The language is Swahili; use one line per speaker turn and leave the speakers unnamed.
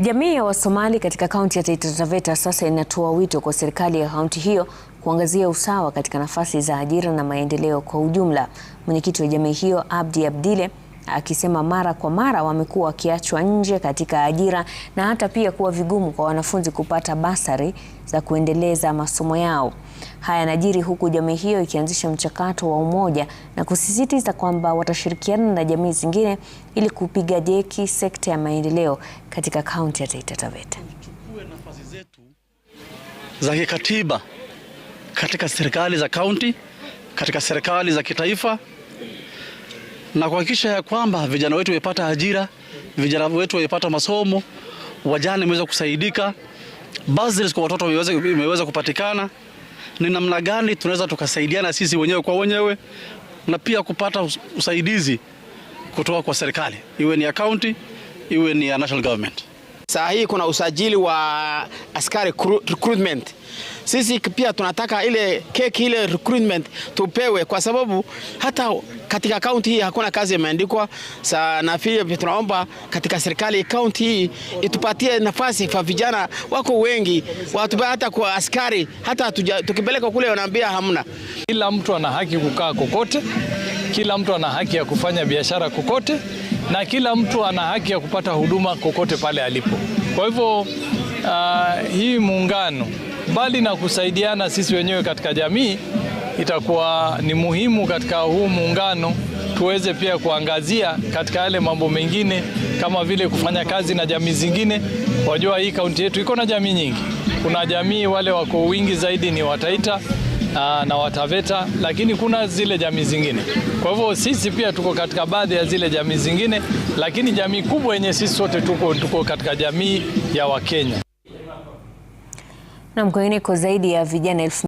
Jamii ya Wasomali katika kaunti ya Taita Taveta sasa inatoa wito kwa serikali ya kaunti hiyo kuangazia usawa katika nafasi za ajira na maendeleo kwa ujumla. Mwenyekiti wa jamii hiyo, Abdi Abdile, akisema mara kwa mara wamekuwa wakiachwa nje katika ajira na hata pia kuwa vigumu kwa wanafunzi kupata basari za kuendeleza masomo yao. Haya yanajiri huku jamii hiyo ikianzisha mchakato wa umoja na kusisitiza kwamba watashirikiana na jamii zingine ili kupiga jeki sekta ya maendeleo katika kaunti ya Taita Taveta
za kikatiba katika serikali za kaunti, katika serikali za kitaifa na kuhakikisha ya kwamba vijana wetu wamepata ajira, vijana wetu wamepata masomo, wajane wameweza kusaidika, bursaries kwa watoto imeweza kupatikana. Ni namna gani tunaweza tukasaidiana sisi wenyewe kwa wenyewe na pia kupata usaidizi kutoka kwa serikali, iwe ni ya county, iwe ni ya national government.
Saa hii kuna usajili wa askari recruitment. Sisi pia tunataka ile keki ile recruitment tupewe, kwa sababu hata katika kaunti hii hakuna kazi imeandikwa. Na pia tunaomba katika serikali kaunti hii itupatie nafasi kwa vijana, wako wengi watu, hata kwa askari, hata tukipeleka kule wanaambia hamna.
Kila mtu ana haki kukaa kokote, kila mtu ana haki ya kufanya biashara kokote na kila mtu ana haki ya kupata huduma kokote pale alipo. Kwa hivyo uh, hii muungano mbali na kusaidiana sisi wenyewe katika jamii itakuwa ni muhimu katika huu muungano tuweze pia kuangazia katika yale mambo mengine kama vile kufanya kazi na jamii zingine. Wajua hii kaunti yetu iko na jamii nyingi. Kuna jamii wale wako wingi zaidi ni Wataita. Ah, na Wataveta, lakini kuna zile jamii zingine. Kwa hivyo sisi pia tuko katika baadhi ya zile jamii zingine, lakini jamii kubwa yenye sisi sote tuko, tuko katika jamii ya Wakenya. Na kwingineko zaidi ya vijana elfu